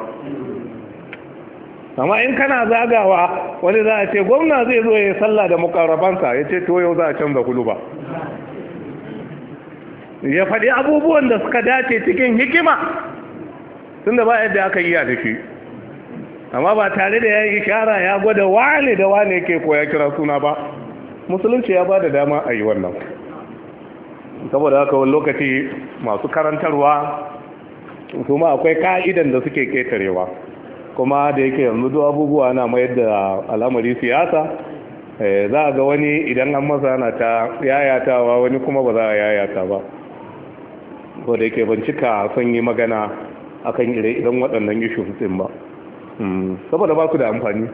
amma in kana zagawa wani za a ce gwamna zai zo ya sallah da mukarrabansa ya ce to yau za a canza huluba ya faɗi abubuwan da suka dace cikin hikima tun da ba yadda aka yi a da amma ba tare da ya yi ishara ya gwada wane da wane ke koya kira suna ba musulunci ya ba da dama a yi wannan saboda haka wani lokaci masu karantarwa kuma akwai ka'idan da suke ketarewa kuma da yake yanzu duk abubuwa na mayar da al'amari siyasa eh, za a ga wani idan an masa na ta yayatawa wani kuma ba za a yayata ba ko da yake ban cika son yi magana akan ire-iren waɗannan issues ba saboda ba su da amfani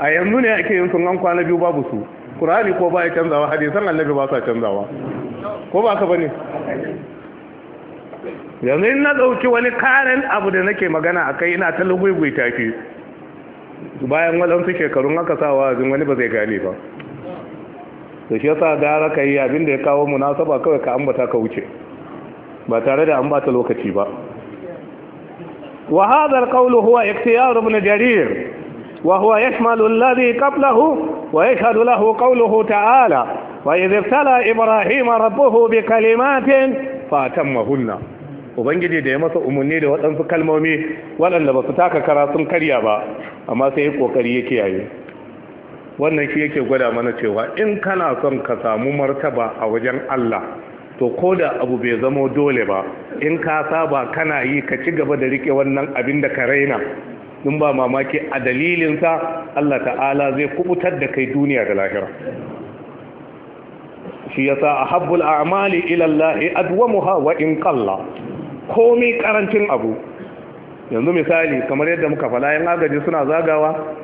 a yanzu ne ake yin sun an kwana biyu babu su kurani ko ba ya canzawa hadisan annabi ba sa canzawa ko ba ka bane yanzu ina na ɗauki wani karen abu da nake magana a kai ina ta lugugui tafi bayan wadansu shekarun aka sa wa'azin wani ba zai gane ba da shi yasa gara ka yi abin da ya kawo munasaba kawai ka ambata ka wuce ba tare da an bata lokaci ba وهذا القول هو اختيار ابن جرير وهو يشمل الذي قبله ويشهد له قوله تعالى وإذ ابتلى إبراهيم ربه بكلمات فأتمهن ubangiji da ya masa umarni da waɗansu kalmomi waɗanda ba su taka sun karya ba amma sai ƙoƙari yake yayi. wannan shi yake gwada mana cewa in kana son ka samu martaba a wajen Allah to ko da abu bai zamo dole ba in ka saba kana yi ka ci gaba da rike wannan abin da ka raina in ba mamaki a dalilinsa Allah ta'ala zai kubutar da kai duniya da lahira shi yasa habbul a'mali ila Allah adwamuha wa in qalla komai karancin abu yanzu misali kamar yadda muka fala yan agaji suna zagawa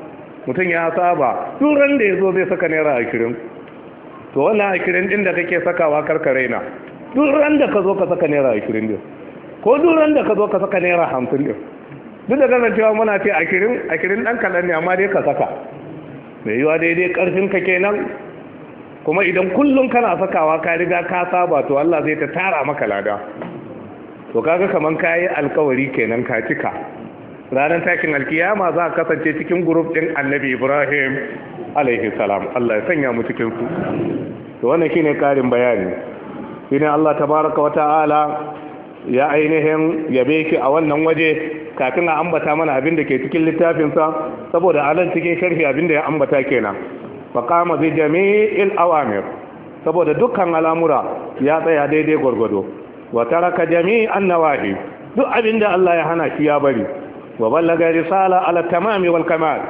mutum ya saba turan da zo zai saka naira ashirin. to wannan ashirin din da kake sakawa karka raina duk ran da ka zo ka saka naira ashirin din ko duk ran da ka zo ka saka naira hamsin din duk da ganin cewa muna ce ashirin ashirin dan kaɗan ne amma dai ka saka mai yiwa daidai ƙarfin ka kenan kuma idan kullum kana sakawa ka riga ka saba to Allah zai ta tara maka lada to kaga kaman kayi alkawari kenan ka cika ranar takin alkiyama za a kasance cikin guruf din annabi ibrahim alaihi salam Allah ya sanya mu cikin su to wannan shine karin bayani shine Allah tabaraka wa ta'ala ya ainihin yabe ki a wannan waje kafin a ambata mana abin da ke cikin littafinsa saboda alan cikin sharhi abin da ya ambata kenan zai bi jami'il awamir saboda dukkan al'amura ya tsaya daidai gwargwado wa taraka jami'an nawahi duk abin da Allah ya hana shi ya bari wa ballaga risala ala tamami wal kamal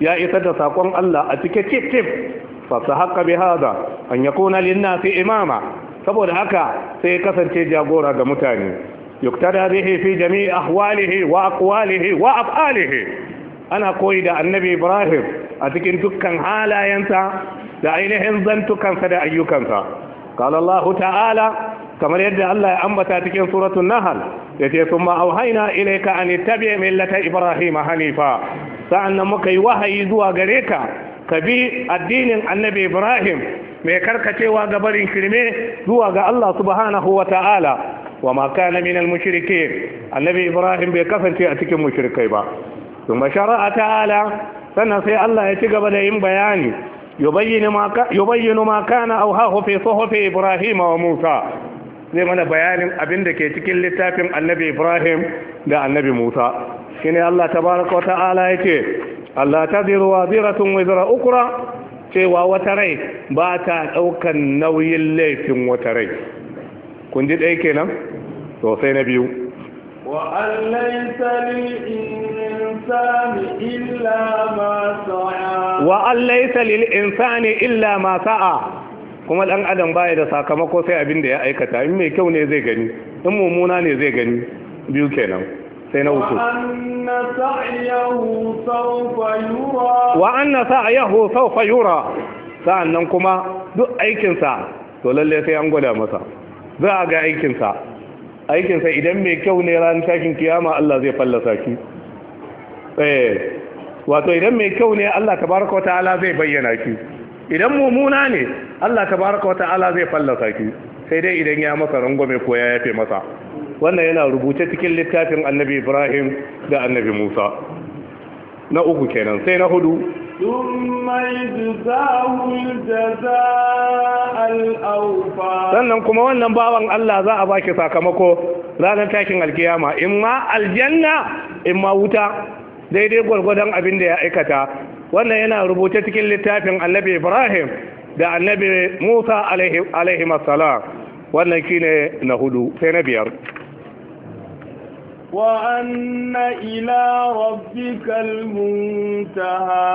ya isa da sakon Allah a cike cif cif fa sahaqqa bi hada an yakuna lin nasi imama saboda haka sai kasance jagora ga mutane yuktada bihi fi jami'i ahwalihi wa aqwalihi wa af'alihi ana koyi da annabi Ibrahim a cikin dukkan halayensa da ainihin zantukansa da ayyukansa قال الله تعالى kamar yadda Allah ya ambata cikin suratul nahl yace thumma auhayna ilaika an tattabi' millata ibrahima hanifa sa'annan muka yi wahayi zuwa gare ka ka bi addinin annabi ibrahim mai karkacewa ga barin kirme zuwa ga Allah subhanahu wa ta'ala wa ma kana minal mushrikin annabi ibrahim bai kasance a cikin mushrikai ba thumma shara'a ta'ala sannan sai Allah ya ci gaba da yin bayani yubayyinu ma maka na kana awhahu fi suhufi ibrahim wa musa zai mana bayanin abin da ke cikin littafin annabi ibrahim da annabi musa shine allah tabaraka wa ta'ala ce? allah tadiru waziratun wizra ukra cewa wata rai ba ta ɗaukan nauyin laifin wata rai kun ji ɗaya kenan to sai na biyu وأن ليس للإنسان إلا ما سعى kuma dan adam baya da sakamako sai abin da ya aikata in mai kyau ne zai gani in mummuna ne zai gani biyu kenan sai na uku wa anna sa'yahu sawfa yura sa'annan kuma duk aikinsa to lalle sai an gwada masa za a ga aikinsa aikinsa idan mai kyau ne ran tashin kiyama Allah zai fallasa ki eh wato idan mai kyau ne Allah tabaraka wa ta'ala zai bayyana ki idan mumuna ne Allah tabaraka wa ta'ala zai fallasa ki sai dai idan ya masa rangwame ko ya yafe masa wannan yana rubuce cikin littafin annabi Ibrahim da annabi Musa na uku kenan sai na hudu sannan kuma wannan bawan Allah za a baki sakamako ranar takin alkiyama in ma aljanna in ma wuta daidai gwargwadon abin da ya aikata wannan yana rubuce cikin littafin annabi ibrahim da annabi musa alaihi salam wannan shine na hudu sai na biyar وأن إلى ربك المنتهى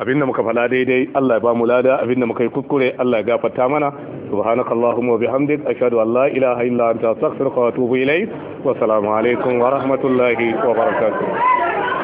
abin da muka faɗa daidai Allah ba mu lada abin da muka yi kuskure Allah ya gafarta mana subhanaka allahumma wa bihamdik ashhadu an la ilaha illa anta astaghfiruka wa atubu ilayk wa assalamu alaikum wa rahmatullahi wa barakatuh